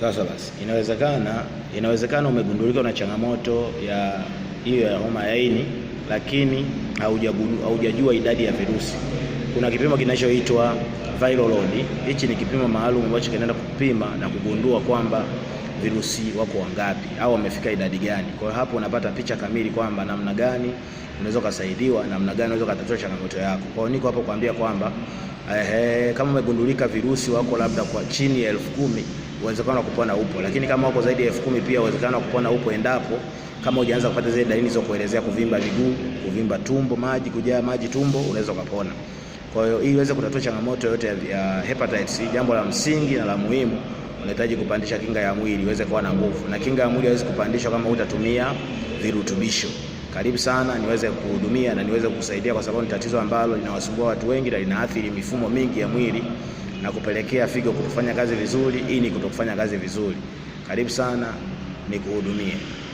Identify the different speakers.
Speaker 1: Sasa basi, inawezekana inawezekana umegundulika na changamoto ya hiyo ya homa ya ini, lakini haujajua idadi ya virusi. Kuna kipimo kinachoitwa viral load. Hichi ni kipimo maalum ambacho kinaenda kupima na kugundua kwamba virusi wako wangapi au wamefika idadi gani. Kwa hiyo hapo unapata picha kamili kwamba namna gani unaweza ukasaidiwa, namna gani unaweza ukatatua changamoto yako. Kwa hiyo niko hapo kuambia kwamba ehe, kama umegundulika virusi wako labda kwa chini ya elfu kumi uwezekano wa kupona upo, lakini kama wako zaidi ya elfu kumi pia uwezekano wa kupona upo endapo kama hujaanza kupata zile dalili za kuelezea, kuvimba miguu, kuvimba tumbo, maji kujaa maji tumbo, unaweza kupona. Kwa hiyo ili uweze kutatua changamoto yote ya hepatitis C, jambo la msingi na la muhimu unahitaji kupandisha kinga ya mwili iweze kuwa na nguvu, na kinga ya mwili haiwezi kupandishwa kama utatumia virutubisho. Karibu sana niweze kuhudumia na niweze kukusaidia, kwa sababu ni tatizo ambalo linawasumbua watu wengi na linaathiri mifumo mingi ya mwili na kupelekea figo kutofanya kazi vizuri, ini kutofanya kazi vizuri. Karibu sana nikuhudumie.